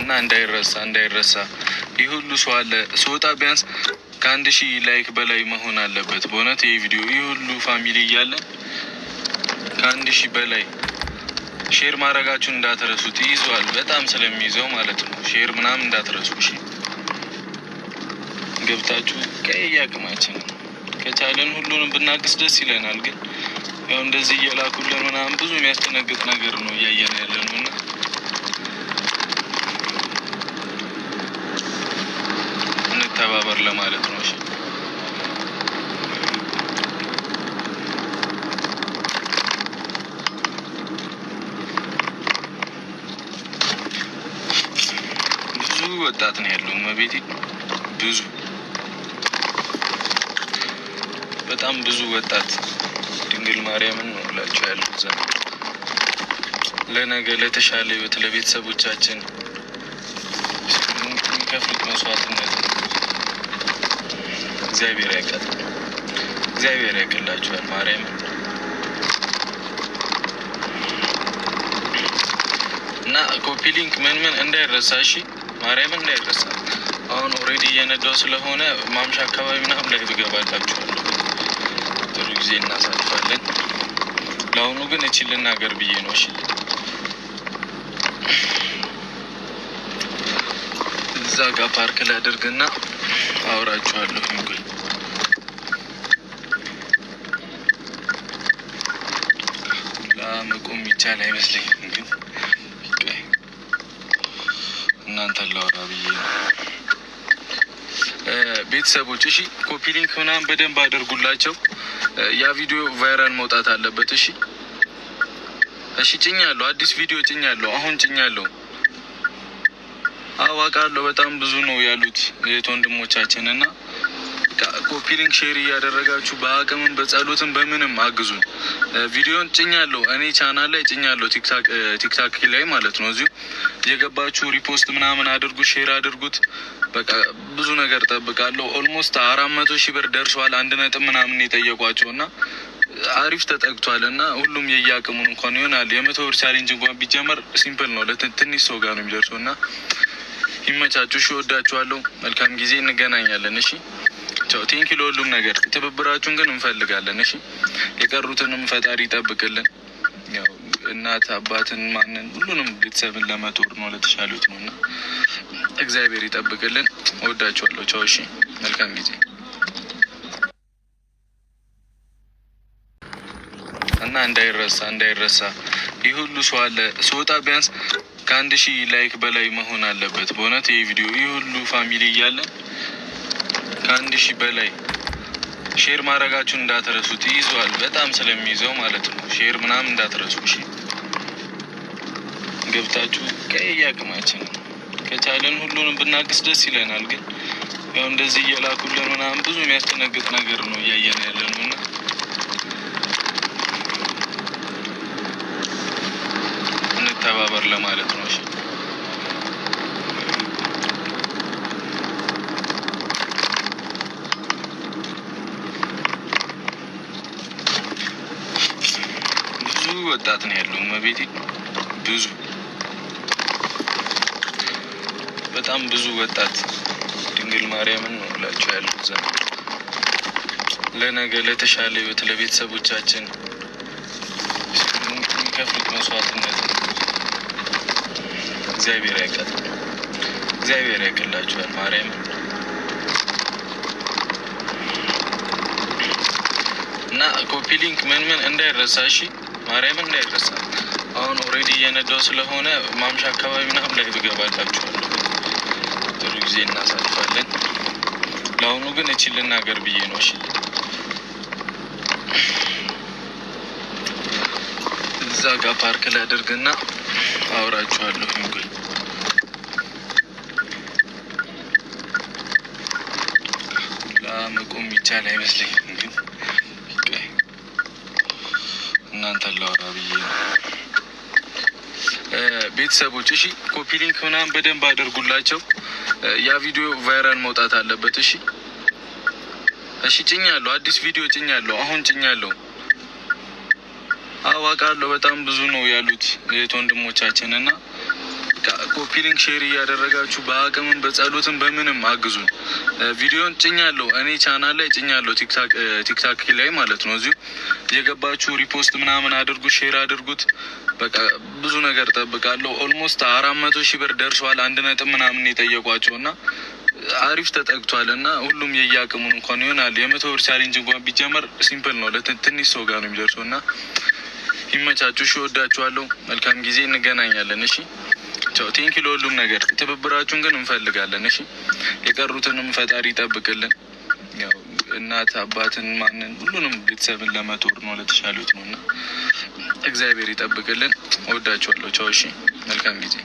እና እንዳይረሳ እንዳይረሳ ይህ ሁሉ ሰው አለ ስወጣ ቢያንስ ከአንድ ሺህ ላይክ በላይ መሆን አለበት። በእውነት ይህ ቪዲዮ ይህ ሁሉ ፋሚሊ እያለ ከአንድ ሺህ በላይ ሼር ማድረጋችሁን እንዳትረሱት። ይዘዋል በጣም ስለሚይዘው ማለት ነው። ሼር ምናምን እንዳትረሱ እሺ። ገብታችሁ ቀይ አቅማችን ከቻለን ሁሉንም ብናግስ ደስ ይለናል። ግን ያው እንደዚህ እየላኩልን ምናምን ብዙ የሚያስደነግጥ ነገር ነው እያየን ያለ ነው እና ነበር ለማለት ነው። እሺ ብዙ ወጣት ነው ያለው መቤቴ፣ ብዙ በጣም ብዙ ወጣት ድንግል ማርያምን ነው ላቸው ያለው ዘ ለነገ ለተሻለ ህይወት ለቤተሰቦቻችን የሚከፍሉት መስዋዕትነት እግዚአብሔር ያቀል እግዚአብሔር ያቀላችኋል ማርያም እና ኮፒ ሊንክ ምን ምን እንዳይረሳ እሺ፣ ማርያም እንዳይረሳ። አሁን ኦሬዲ እየነዳው ስለሆነ ማምሻ አካባቢ ምናም ላይ ብገባላችኋል ጥሩ ጊዜ እናሳልፋለን። ለአሁኑ ግን እቺ ልናገር ብዬ ነው። እሺ እዛ ጋር ፓርክ ላድርግና አውራችኋለሁ። መቆም ይቻል አይመስለኝም፣ ግን እናንተ ላወራ ብዬ ቤተሰቦች፣ እሺ ኮፒ ሊንክ ምናምን በደንብ አድርጉላቸው። ያ ቪዲዮ ቫይራል መውጣት አለበት። እሺ፣ እሺ። ጭኝ አዲስ ቪዲዮ ጭኛ ያለው አሁን ጭኝ ያለው አዋቃለሁ። በጣም ብዙ ነው ያሉት የት ወንድሞቻችን እና ኮፒ ሼር እያደረጋችሁ በአቅምም በጸሎትም በምንም አግዙ ቪዲዮን ጭኛለሁ እኔ ቻናል ላይ ጭኛለሁ፣ ቲክታክ ላይ ማለት ነው። እዚሁ የገባችሁ ሪፖስት ምናምን አድርጉት፣ ሼር አድርጉት። በቃ ብዙ ነገር ጠብቃለሁ። ኦልሞስት አራት መቶ ሺህ ብር ደርሷል። አንድ ነጥብ ምናምን የጠየቋቸው እና አሪፍ ተጠግቷል እና ሁሉም የየአቅሙን እንኳን ይሆናል። የመቶ ብር ቻሌንጅ እንኳን ቢጀመር ሲምፕል ነው፣ ለትንሽ ሰው ጋር ነው የሚደርሰው እና ይመቻችሁ። እሺ፣ እወዳችኋለሁ። መልካም ጊዜ። እንገናኛለን። እሺ ወዳችኋለሁ። መልካም ጊዜ እንገናኛለን እሺ ብቻው ቴንኪ ለሁሉም ነገር ትብብራችሁን ግን እንፈልጋለን። እሺ የቀሩትንም ፈጣሪ ይጠብቅልን። እናት አባትን፣ ማንን ሁሉንም ቤተሰብን ለመቶር ነው ለተሻሉት ነው እና እግዚአብሔር ይጠብቅልን። ወዳችኋለሁ። ቻው። እሺ መልካም ጊዜ እና እንዳይረሳ እንዳይረሳ። ይህ ሁሉ ሰው አለ ስወጣ ቢያንስ ከአንድ ሺህ ላይክ በላይ መሆን አለበት። በእውነት ይህ ቪዲዮ ይህ ሁሉ ፋሚሊ እያለን ከአንድ ሺህ በላይ ሼር ማድረጋችሁን እንዳትረሱት። ይዟል በጣም ስለሚይዘው ማለት ነው። ሼር ምናምን እንዳትረሱ እሺ። ገብታችሁ ቀይ አቅማችን ከቻለን ሁሉንም ብናቅስ ደስ ይለናል። ግን ያው እንደዚህ እየላኩልን ምናምን ብዙ የሚያስደነግጥ ነገር ነው እያየን ያለ ነው እና እንተባበር ለማለት ነው። ወጣት ነው ያለው። መቤቴ ብዙ በጣም ብዙ ወጣት ድንግል ማርያምን ነው ብላቸው ያለው ዘ ለነገ ለተሻለ ህይወት ለቤተሰቦቻችን የሚከፍሉት መስዋዕትነት እግዚአብሔር ያቀል እግዚአብሔር ያውቅላችኋል። ማርያም እና ኮፒ ሊንክ ምን ምን እንዳይረሳ እሺ። ማርያም እንዳይረሳ። አሁን ኦልሬዲ እየነዳው ስለሆነ ማምሻ አካባቢ ምናምን ላይ ብገባላችኋለሁ። ጥሩ ጊዜ እናሳልፋለን። ለአሁኑ ግን እቺ ልናገር ብዬ ነው። እሺ እዛ ጋር ፓርክ ላይ አድርግና አውራችኋለሁ። ንጉኝ ለመቆም ይቻል አይመስለኝም። እናንተ ላወራ ብዬ ቤተሰቦች፣ እሺ ኮፒ ሊንክ ምናምን በደንብ አደርጉላቸው ያ ቪዲዮ ቫይራል መውጣት አለበት። እሺ፣ እሺ። ጭኛለሁ። አዲስ ቪዲዮ ጭኛለሁ አሁን ጭኛለሁ። አዋቃለሁ። በጣም ብዙ ነው ያሉት የት ወንድሞቻችን እና ኮፒሊንግ ሼር እያደረጋችሁ በአቅምም በጸሎትም በምንም አግዙ። ቪዲዮን ጭኛለሁ እኔ ቻናል ላይ ጭኛለሁ፣ ቲክታክ ላይ ማለት ነው። እዚሁ የገባችሁ ሪፖስት ምናምን አድርጉት፣ ሼር አድርጉት። በቃ ብዙ ነገር ጠብቃለሁ። ኦልሞስት አራት መቶ ሺህ ብር ደርሰዋል። አንድ ነጥብ ምናምን የጠየቋቸው እና አሪፍ ተጠግቷል እና ሁሉም የየአቅሙን እንኳን ይሆናል። የመቶ ብር ቻሌንጅ እንኳን ቢጀመር ሲምፕል ነው፣ ለትንሽ ሰው ጋር ነው የሚደርሰው እና ይመቻችሁ። እሺ፣ እወዳችኋለሁ። መልካም ጊዜ። እንገናኛለን። እሺ ወዳችኋለሁ መልካም ጊዜ እንገናኛለን እሺ ቻው። ቴንኪ ለሁሉም ነገር ትብብራችሁን ግን እንፈልጋለን። እሺ የቀሩትንም ፈጣሪ ይጠብቅልን። ያው እናት አባትን፣ ማንን ሁሉንም ቤተሰብን ለመጦር ነው ለተሻሉት ነው እና እግዚአብሔር ይጠብቅልን። ወዳችኋለሁ። ቻው። እሺ መልካም ጊዜ